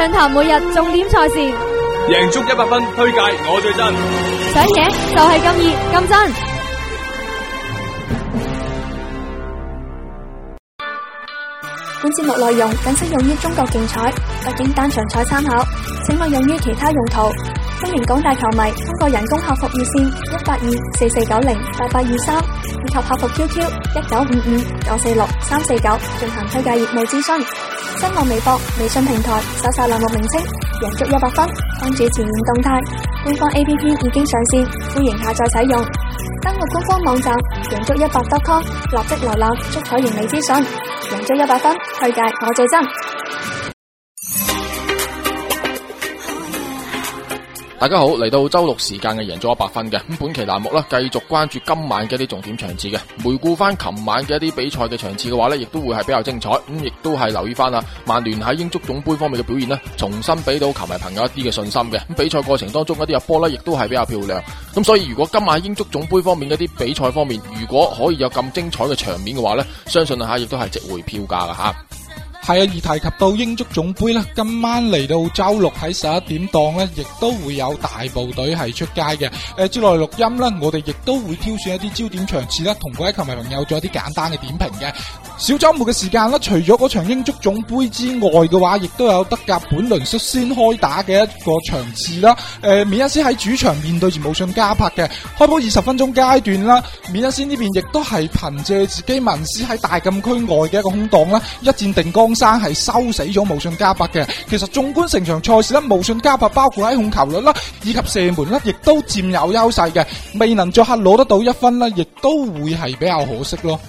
上台每日重點賽事，贏足一百分推介，我最真。想贏就係咁易咁真。本節目內容僅適用於中國競彩北京單場彩參考，請勿用於其他用途。歡迎廣大球迷通過人工客服熱線一八二四四九零八八二三以及客服 QQ 一九五五九四六三四九進行推介業務諮詢。新浪微博、微信平台搜索欄目名稱贏足一百分，關注前沿動態。官方 APP 已經上線，歡迎下載使用。登錄官方網站贏足一百分 .com，立即瀏覽足彩完美資訊。贏足一百分，推介我最真。大家好，嚟到周六時間嘅贏足 100FUN 嘅，咁本期欄目咧繼續關注今晚嘅一啲重點場次嘅，回顧翻琴晚嘅一啲比賽嘅場次嘅話咧，亦都會係比較精彩，咁亦都係留意翻啊，曼聯喺英足總杯方面嘅表現呢，重新俾到球迷朋友一啲嘅信心嘅，咁比賽過程當中一啲入波咧，亦都係比較漂亮，咁所以如果今晚英足總杯方面嘅一啲比賽方面，如果可以有咁精彩嘅場面嘅話咧，相信吓亦都係值回票價噶吓。係啊，而提及到英足總杯啦。今晚嚟到周六喺十一點檔咧，亦都會有大部隊係出街嘅。誒、呃，之內錄音啦，我哋亦都會挑選一啲焦點場次啦。同各位球迷朋友做一啲簡單嘅點評嘅。小周末嘅時間啦，除咗嗰場英足總杯之外嘅話，亦都有德甲本輪率先開打嘅一個場次啦。誒、呃，免爾斯喺主場面對住慕遜加柏嘅開波二十分鐘階段啦，免爾斯呢邊亦都係憑借自己文斯喺大禁區外嘅一個空檔啦，一戰定江山係收死咗慕遜加柏嘅。其實縱觀成場賽事咧，慕遜加柏包括喺控球率啦，以及射門啦，亦都佔有優勢嘅，未能作客攞得到一分啦，亦都會係比較可惜咯。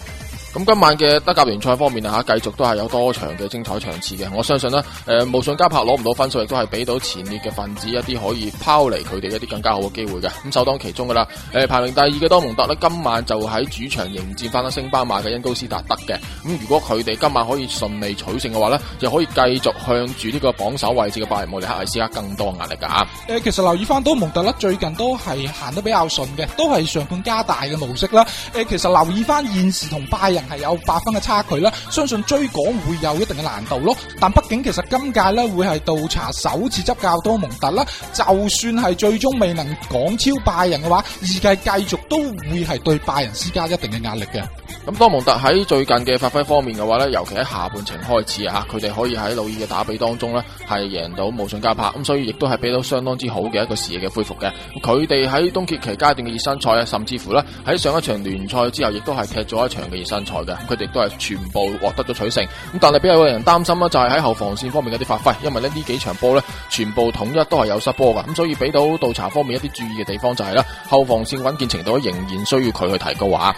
咁今晚嘅德甲聯賽方面啊，繼續都係有多場嘅精彩場次嘅。我相信咧，誒，無信加柏攞唔到分數，亦都係俾到前列嘅分子一啲可以拋離佢哋一啲更加好嘅機會嘅。咁首當其中噶啦，誒，排名第二嘅多蒙特呢，今晚就喺主場迎戰翻阿升班馬嘅因高斯達德嘅。咁如果佢哋今晚可以順利取勝嘅話呢，就可以繼續向住呢個榜首位置嘅拜仁慕尼黑施加更多壓力噶。誒，其實留意翻多蒙特呢，最近都係行得比較順嘅，都係上半加大嘅模式啦。誒，其實留意翻現時同拜仁。係有八分嘅差距啦，相信追趕會有一定嘅難度咯。但畢竟其實今屆咧會係倒查首次執教多蒙特啦，就算係最終未能趕超拜仁嘅話，預計繼續都會係對拜仁施加一定嘅壓力嘅。咁多蒙特喺最近嘅發揮方面嘅話咧，尤其喺下半程開始啊，佢哋可以喺老二嘅打比當中咧係贏到慕遜加柏，咁所以亦都係俾到相當之好嘅一個視野嘅恢復嘅。佢哋喺冬歇期階段嘅熱身賽啊，甚至乎咧喺上一場聯賽之後，亦都係踢咗一場嘅熱身，台嘅，佢哋都係全部獲得咗取勝，咁但係俾有個人擔心啦，就係喺後防線方面一啲發揮，因為咧呢幾場波咧全部統一都係有失波噶，咁所以俾到倒查方面一啲注意嘅地方就係啦，後防線穩健程度仍然需要佢去提高啊。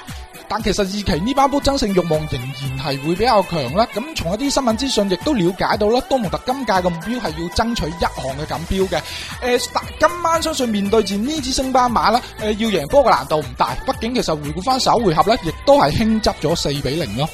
但其實二期呢班波爭勝欲望仍然係會比較強啦，咁從一啲新聞資訊亦都了解到啦，多蒙特今屆嘅目標係要爭取一項嘅錦標嘅，誒、呃，今晚相信面對住呢支升班馬啦，誒、呃，要贏波嘅難度唔大，畢竟其實回顧翻首回合咧，亦都係輕執咗四比零咯。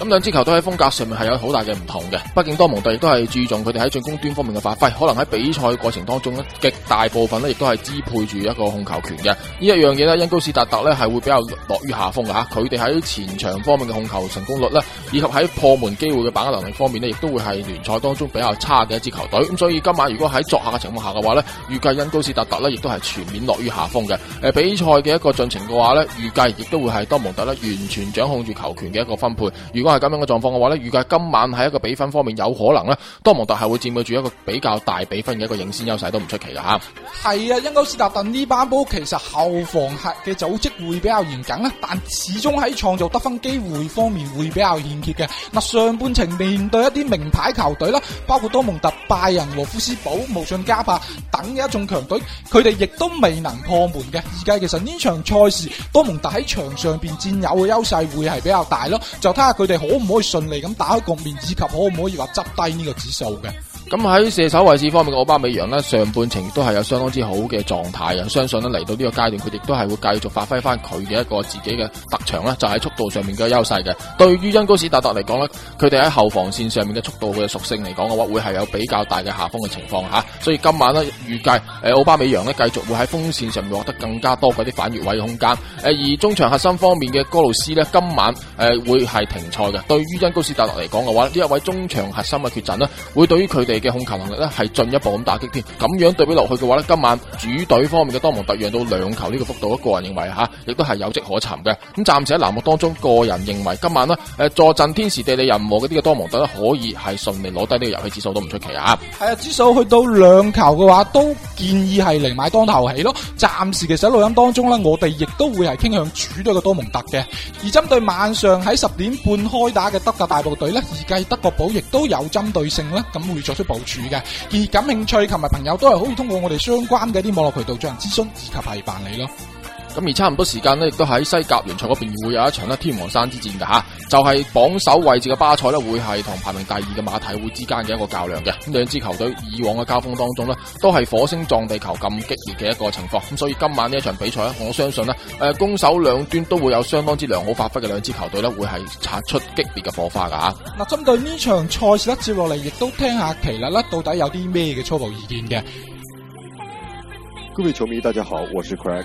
咁兩支球隊喺風格上面係有好大嘅唔同嘅，畢竟多蒙特亦都係注重佢哋喺進攻端方面嘅發揮，可能喺比賽過程當中呢，極大部分呢亦都係支配住一個控球權嘅。呢一樣嘢呢，因高斯達特呢係會比較落於下風嘅吓，佢哋喺前場方面嘅控球成功率呢，以及喺破門機會嘅把握能力方面呢，亦都會係聯賽當中比較差嘅一支球隊。咁所以今晚如果喺作客嘅情況下嘅話呢，預計因高斯達特呢亦都係全面落於下風嘅。誒，比賽嘅一個進程嘅話呢，預計亦都會係多蒙特呢完全掌控住球權嘅一個分配。如果係咁樣嘅狀況嘅話咧，預計今晚喺一個比分方面有可能咧，多蒙特係會佔據住一個比較大比分嘅一個領先優勢都唔出奇嘅吓。係啊，因歐斯達頓呢班波其實後防係嘅組織會比較嚴謹啦，但始終喺創造得分機會方面會比較欠缺嘅。嗱，上半程面對一啲名牌球隊啦，包括多蒙特、拜仁禾夫斯堡、慕遜加帕等嘅一眾強隊，佢哋亦都未能破門嘅。而家其實呢場賽事，多蒙特喺場上邊佔有嘅優勢會係比較大咯，就睇下佢哋，可唔可以順利咁打開局面，以及可唔可以話執低呢個指數嘅？咁喺射手位置方面嘅奧巴美揚呢，上半程都係有相當之好嘅狀態啊！相信呢，嚟到呢個階段，佢哋都係會繼續發揮翻佢嘅一個自己嘅特長啦，就喺、是、速度上面嘅優勢嘅。對於恩高斯達特嚟講呢，佢哋喺後防線上面嘅速度嘅屬性嚟講嘅話，會係有比較大嘅下風嘅情況吓、啊。所以今晚呢，預計誒、呃、奧巴美揚呢繼續會喺鋒線上面獲得更加多啲反越位空間。誒、啊、而中場核心方面嘅哥路斯呢，今晚誒、啊、會係停賽嘅。對於恩高斯達特嚟講嘅話，呢一位中場核心嘅缺陣呢，會對於佢。嘅控球能力咧，係進一步咁打擊添。咁樣對比落去嘅話咧，今晚主隊方面嘅多蒙特讓到兩球呢個幅度，個人認為吓，亦、啊、都係有跡可尋嘅。咁、嗯、暫時喺欄目當中，個人認為今晚呢，誒、呃、坐鎮天時地利人和嘅啲嘅多蒙特咧，可以係順利攞低呢個遊戲指數都唔出奇啊。係啊，指數去到兩球嘅話，都建議係嚟買當頭起咯。暫時其實喺錄音當中呢，我哋亦都會係傾向主隊嘅多蒙特嘅。而針對晚上喺十點半開打嘅德甲大部隊呢，而家德國寶亦都有針對性咧，咁會做。部署嘅，而感興趣同埋朋友都係可以通過我哋相關嘅一啲網絡渠道進行諮詢以及係辦理咯。咁而差唔多時間呢亦都喺西甲聯賽嗰邊會有一場呢天王山之戰噶吓，就係、是、榜首位置嘅巴塞呢會係同排名第二嘅馬體會之間嘅一個較量嘅。咁兩支球隊以往嘅交鋒當中呢都係火星撞地球咁激烈嘅一個情況。咁所以今晚呢一場比賽呢，我相信呢，誒、呃，攻守兩端都會有相當之良好發揮嘅兩支球隊呢會係擦出激烈嘅火花噶吓。嗱，針對呢場賽事咧，接落嚟亦都聽下奇律咧，到底有啲咩嘅初步意見嘅。各位球迷，大家好，我是 Craig。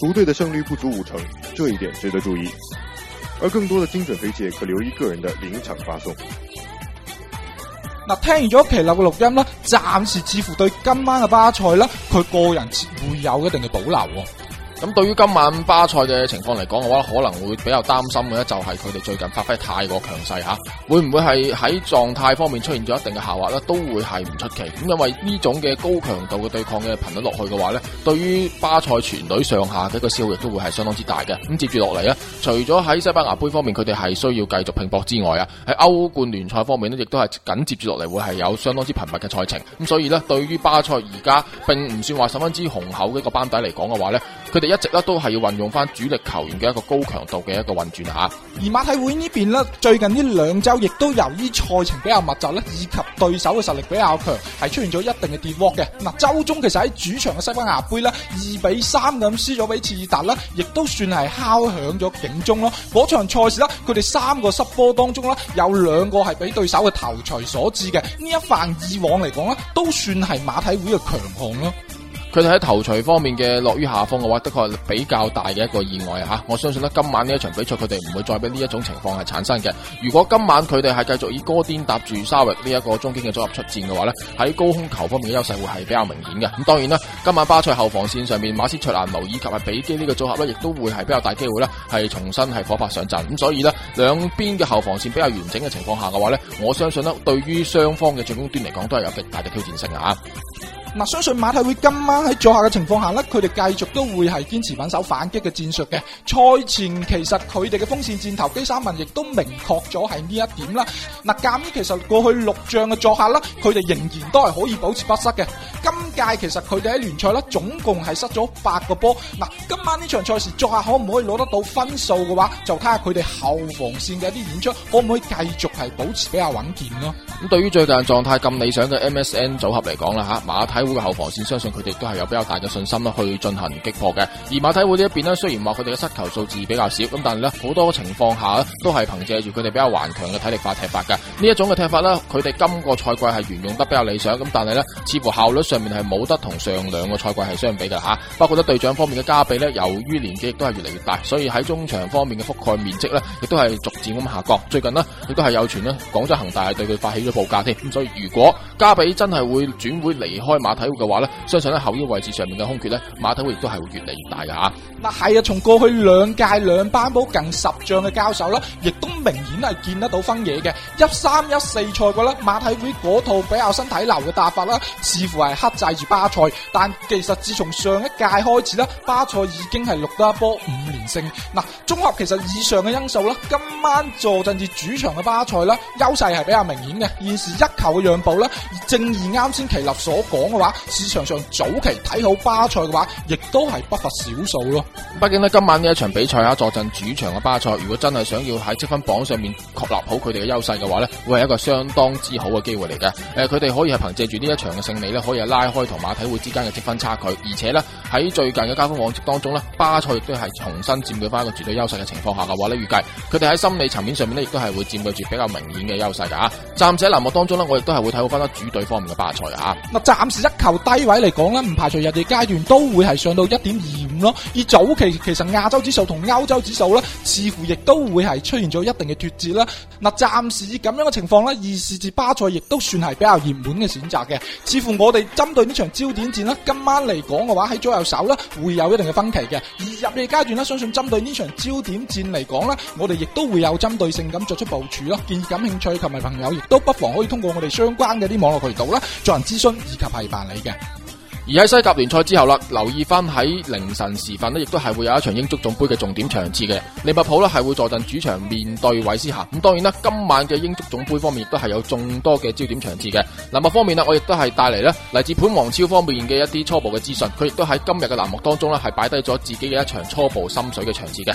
組隊的勝率不足五成，這一點值得注意。而更多的精準飛機可留意個人的臨場發送。嗱，聽完咗奇樂嘅錄音啦，暫時似乎對今晚嘅巴塞，啦，佢個人會有一定嘅保留。咁對於今晚巴塞嘅情況嚟講嘅話，可能會比較擔心嘅咧，就係佢哋最近發揮太過強勢嚇，會唔會係喺狀態方面出現咗一定嘅下滑呢？都會係唔出奇。咁因為呢種嘅高強度嘅對抗嘅頻率落去嘅話呢，對於巴塞全隊上下嘅一個消耗亦都會係相當之大嘅。咁接住落嚟呢，除咗喺西班牙杯方面佢哋係需要繼續拼搏之外啊，喺歐冠聯賽方面呢，亦都係緊接住落嚟會係有相當之頻密嘅賽程。咁所以呢，對於巴塞而家並唔算話十分之雄厚嘅一個班底嚟講嘅話呢。佢哋。一直咧都係要運用翻主力球員嘅一個高強度嘅一個運轉啊！而馬體會這邊呢邊咧最近呢兩周亦都由於賽程比較密集咧，以及對手嘅實力比較強，係出現咗一定嘅跌窩嘅。嗱，周中其實喺主場嘅西班牙杯咧，二比三咁輸咗俾切爾達咧，亦都算係敲響咗警鐘咯。嗰場賽事咧，佢哋三個失波當中咧，有兩個係俾對手嘅頭槌所致嘅。呢一番以往嚟講咧，都算係馬體會嘅強項咯。佢哋喺頭槌方面嘅落於下風嘅話，的確係比較大嘅一個意外啊！我相信咧今晚呢一場比賽，佢哋唔會再俾呢一種情況係產生嘅。如果今晚佢哋係繼續以哥甸搭住沙域呢一個中堅嘅組合出戰嘅話呢，喺高空球方面嘅優勢會係比較明顯嘅。咁當然啦，今晚巴塞後防線上面馬斯切蘭奴以及係比基呢個組合呢，亦都會係比較大機會呢係重新係夥拍上陣。咁所以呢兩邊嘅後防線比較完整嘅情況下嘅話呢，我相信呢，對於雙方嘅進攻端嚟講，都係有極大嘅挑戰性啊！嗱，相信馬體會今晚喺作客嘅情況下咧，佢哋繼續都會係堅持穩守反擊嘅戰術嘅。賽前其實佢哋嘅鋒線箭頭基沙文亦都明確咗係呢一點啦。嗱，鑑於其實過去六仗嘅作客啦，佢哋仍然都係可以保持不失嘅。今屆其實佢哋喺聯賽咧總共係失咗八個波。嗱，今晚呢場賽事作客可唔可以攞得到分數嘅話，就睇下佢哋後防線嘅一啲演出可唔可以繼續係保持比較穩健咯。咁對於最近狀態咁理想嘅 MSN 組合嚟講啦，吓馬體會嘅後防線，相信佢哋都係有比較大嘅信心啦，去進行擊破嘅。而馬體會呢一邊咧，雖然話佢哋嘅失球數字比較少，咁但係咧，好多情況下都係憑借住佢哋比較頑強嘅體力化踢法嘅。呢一種嘅踢法咧，佢哋今個賽季係沿用得比較理想，咁但係咧似乎效率上面係冇得同上兩個賽季係相比嘅吓，啊。包括咧隊長方面嘅加比咧，由於年紀亦都係越嚟越大，所以喺中場方面嘅覆蓋面積咧，亦都係逐漸咁下降。最近咧亦都係有傳咧，廣州恆大係對佢發起咗報價添。咁所以如果加比真係會轉會離開馬體會嘅話咧，相信喺後腰位置上面嘅空缺咧，馬體會亦都係會越嚟越大嘅吓。嗱係啊，從過去兩屆兩班波近十仗嘅交手啦，亦都明顯係見得到分野嘅。一三一四賽季啦，馬體會嗰套比較身體流嘅打法啦，似乎係克制住巴塞，但其實自從上一屆開始咧，巴塞已經係錄得一波五連勝。嗱，綜合其實以上嘅因素啦，今晚坐鎮至主場嘅巴塞啦，優勢係比較明顯嘅，現時一球嘅讓步啦，正如啱先奇立所講市場上早期睇好巴塞嘅話，亦都係不乏少數咯。畢竟呢，今晚呢一場比賽啊，坐鎮主場嘅巴塞，如果真係想要喺積分榜上面確立好佢哋嘅優勢嘅話呢，會係一個相當之好嘅機會嚟嘅。誒、呃，佢哋可以係憑借住呢一場嘅勝利呢，可以係拉開同馬體會之間嘅積分差距。而且呢，喺最近嘅交鋒往績當中呢，巴塞亦都係重新佔據翻一個絕對優勢嘅情況下嘅話呢，預計佢哋喺心理層面上面咧，亦都係會佔據住比較明顯嘅優勢嘅㗎、啊。暫時喺欄目當中呢，我亦都係會睇好翻主隊方面嘅巴塞啊。嗱，暫時求低位嚟講咧，唔排除日哋階段都會係上到一點二。而早期其實亞洲指數同歐洲指數咧，似乎亦都會係出現咗一定嘅脫節啦。嗱，暫時以咁樣嘅情況呢，而時至巴塞亦都算係比較熱門嘅選擇嘅。似乎我哋針對呢場焦點戰咧，今晚嚟講嘅話喺左右手咧會有一定嘅分歧嘅。而入夜階段呢，相信針對呢場焦點戰嚟講呢，我哋亦都會有針對性咁作出部署咯。建議感興趣同埋朋友亦都不妨可以通過我哋相關嘅啲網絡渠道啦，進行諮詢以及係辦理嘅。而喺西甲聯賽之後啦，留意翻喺凌晨時分咧，亦都係會有一場英足總杯嘅重點場次嘅。利物浦啦，係會坐陣主場面對韋斯咸。咁當然啦，今晚嘅英足總杯方面亦都係有眾多嘅焦點場次嘅。欄目方面啦，我亦都係帶嚟呢嚟自盤王超方面嘅一啲初步嘅資訊，佢亦都喺今日嘅欄目當中咧係擺低咗自己嘅一場初步心水嘅場次嘅。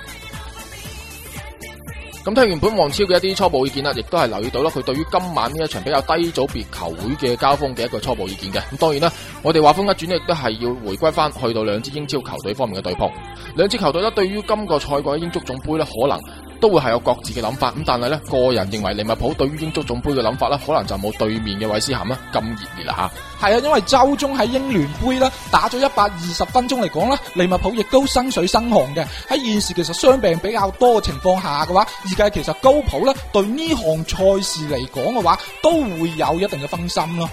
咁聽完本王超嘅一啲初步意見啦，亦都係留意到啦，佢對於今晚呢一場比較低組別球會嘅交鋒嘅一個初步意見嘅。咁當然啦，我哋話風一轉亦都係要回歸翻去到兩支英超球隊方面嘅對碰，兩支球隊咧對於今個賽季嘅英足總杯咧可能。都會係有各自嘅諗法，咁但係咧，個人認為利物浦對於英足總盃嘅諗法咧，可能就冇對面嘅韋斯咸啦咁熱烈啦吓。係啊，因為周中喺英聯盃啦打咗一百二十分鐘嚟講咧，利物浦亦都身水身汗嘅。喺現時其實傷病比較多嘅情況下嘅話，而家其實高普咧對呢項賽事嚟講嘅話，都會有一定嘅分心咯。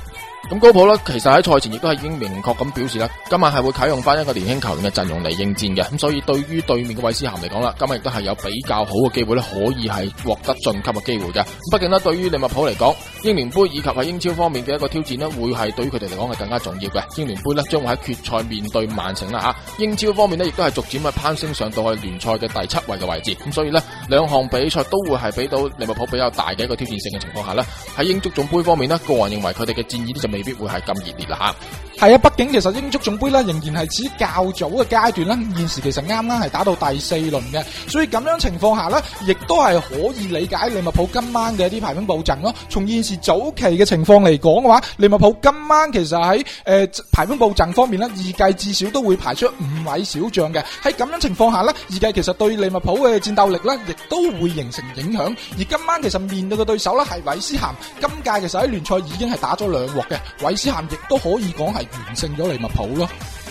咁高普呢，其實喺賽前亦都係已經明確咁表示啦，今晚係會啟用翻一個年輕球員嘅陣容嚟應戰嘅。咁所以對於對面嘅韋斯咸嚟講啦，今日亦都係有比較好嘅機會咧，可以係獲得晉級嘅機會嘅。畢竟呢，對於利物浦嚟講，英聯杯以及喺英超方面嘅一個挑戰呢，會係對於佢哋嚟講係更加重要嘅。英聯杯呢，將會喺決賽面對曼城啦吓。英超方面呢，亦都係逐漸嘅攀升上到去聯賽嘅第七位嘅位置。咁所以呢，兩項比賽都會係俾到利物浦比較大嘅一個挑戰性嘅情況下呢，喺英足總杯方面呢，個人認為佢哋嘅戰意都就未。未必會係咁熱烈啦吓。係啊，畢竟其實英足總杯咧仍然係指較早嘅階段啦。現時其實啱啱係打到第四輪嘅，所以咁樣情況下咧，亦都係可以理解利物浦今晚嘅一啲排兵布陣咯。從現時早期嘅情況嚟講嘅話，利物浦今晚其實喺誒排兵布陣方面咧，預計至少都會排出五位小將嘅。喺咁樣情況下咧，預計其實對利物浦嘅戰鬥力咧，亦都會形成影響。而今晚其實面對嘅對手咧係韋斯咸，今屆其實喺聯賽已經係打咗兩鑊嘅韋斯咸，亦都可以講係。完勝咗利物浦咯，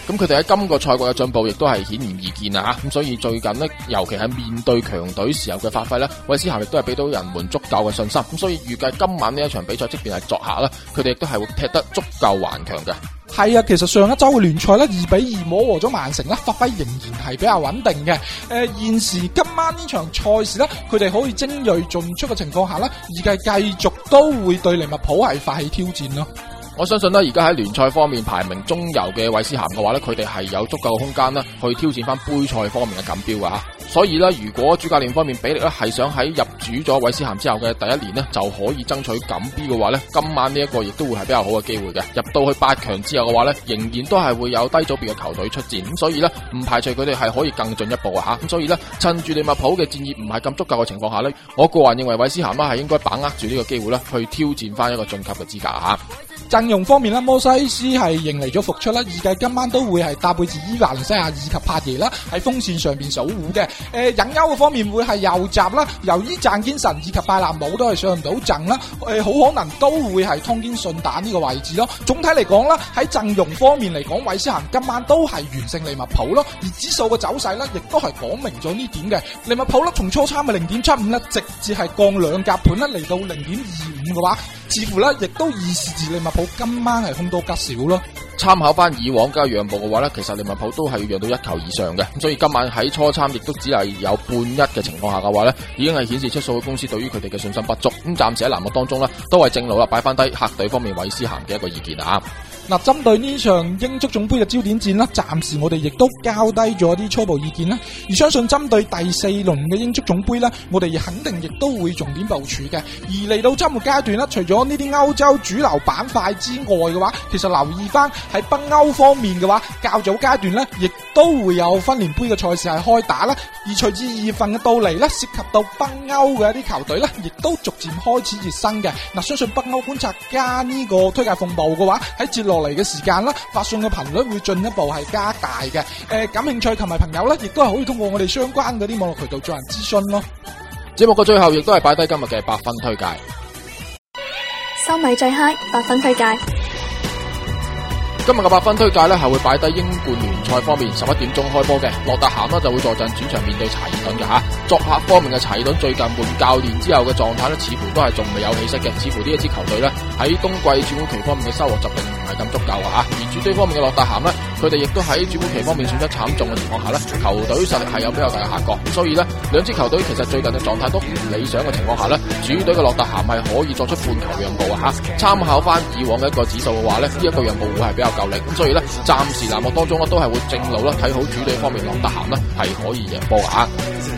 咁佢哋喺今個賽季嘅進步亦都係顯而易見啦吓，咁所以最近呢，尤其係面對強隊時候嘅發揮呢，韋斯咸亦都係俾到人們足夠嘅信心，咁所以預計今晚呢一場比賽，即便係作客啦，佢哋亦都係會踢得足夠頑強嘅。係啊，其實上一周嘅聯賽呢，二比二摸和咗曼城呢，發揮仍然係比較穩定嘅。誒、呃，現時今晚呢場賽事呢，佢哋可以精銳進出嘅情況下呢，預計繼續都會對利物浦係發起挑戰咯。我相信咧，而家喺聯賽方面排名中游嘅韋斯咸嘅話咧，佢哋係有足夠嘅空間啦，去挑戰翻杯賽方面嘅錦標嘅嚇。所以咧，如果主教練方面比力咧，係想喺入主咗韋斯咸之後嘅第一年呢，就可以爭取錦 B 嘅話呢，今晚呢一個亦都會係比較好嘅機會嘅。入到去八強之後嘅話呢，仍然都係會有低組別嘅球隊出戰，咁所以呢，唔排除佢哋係可以更進一步啊吓。咁所以呢，趁住利物浦嘅戰意唔係咁足夠嘅情況下呢，我個人認為韋斯咸啊，係應該把握住呢個機會呢，去挑戰翻一個晉級嘅資格吓。陣容方面啦，摩西斯係迎嚟咗復出啦，預計今晚都會係搭配住伊蘭西亞以及帕耶啦喺鋒線上邊守護嘅。誒、呃，隱憂嘅方面會係右閘啦，由於鄭堅臣以及拜納姆都係上唔到陣啦，誒、呃，好可能都會係通天順蛋呢個位置咯。總體嚟講啦，喺陣容方面嚟講，韋斯咸今晚都係完勝利物浦咯。而指數嘅走勢咧，亦都係講明咗呢點嘅，利物浦咧從初參嘅零點七五咧，直接係降兩格盤咧嚟到零點二五嘅話。似乎咧，亦都預示住利物浦今晚係凶多吉少咯。參考翻以往嘅讓步嘅話咧，其實利物浦都係要讓到一球以上嘅。咁所以今晚喺初參亦都只係有半一嘅情況下嘅話咧，已經係顯示出數據公司對於佢哋嘅信心不足。咁暫時喺欄目當中咧都係正路啦，擺翻低客隊方面韋斯咸嘅一個意見啊。嗱，針對呢場英足總杯嘅焦點戰呢，暫時我哋亦都交低咗啲初步意見啦。而相信針對第四輪嘅英足總杯咧，我哋肯定亦都會重點部署嘅。而嚟到周末階段呢，除咗呢啲歐洲主流板塊之外嘅話，其實留意翻喺北歐方面嘅話，較早階段咧，亦都會有分聯盃嘅賽事係開打啦。而隨住二月份嘅到嚟咧，涉及到北歐嘅一啲球隊咧，亦都逐漸開始熱身嘅。嗱，相信北歐觀察家呢個推介風暴嘅話，喺嚟嘅時間啦，發送嘅頻率會進一步係加大嘅。誒、呃，感興趣同埋朋友咧，亦都係可以通過我哋相關嗰啲網絡渠道進行諮詢咯。節目嘅最後亦都係擺低今日嘅百分推介，收米最嗨，i 百分推介。今日嘅八分推介咧，係會擺低英冠聯賽方面十一點鐘開波嘅，羅達咸咧就會坐陣主場面對柴爾頓嘅吓。作客方面嘅柴爾頓最近換教練之後嘅狀態咧，似乎都係仲未有起色嘅，似乎呢一支球隊咧喺冬季轉會期方面嘅收穫就並唔係咁足夠啊吓，而主隊方面嘅羅達咸咧。佢哋亦都喺主攻期方面損失慘重嘅情況下咧，球隊實力係有比較大嘅下降，所以呢兩支球隊其實最近嘅狀態都唔理想嘅情況下咧，主隊嘅洛特咸係可以作出半球讓步啊！嚇，參考翻以往嘅一個指數嘅話呢，咧，呢一個讓步會係比較夠力，咁所以呢暫時欄目當中呢都係會正路啦，睇好主隊方面洛特咸呢係可以贏波啊！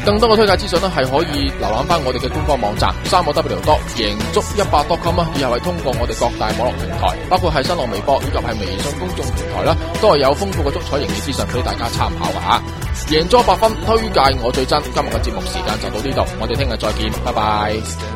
更多嘅推介資訊呢，係可以瀏覽翻我哋嘅官方網站三個 W 多贏足一百 .com 啊，以後係通過我哋各大網絡平台，包括係新浪微博以及係微信公眾平台啦，都係有。有豐富嘅足彩營業資訊俾大家參考啊，吓，贏咗百分，推介我最真。今日嘅節目時間就到呢度，我哋聽日再見，拜拜。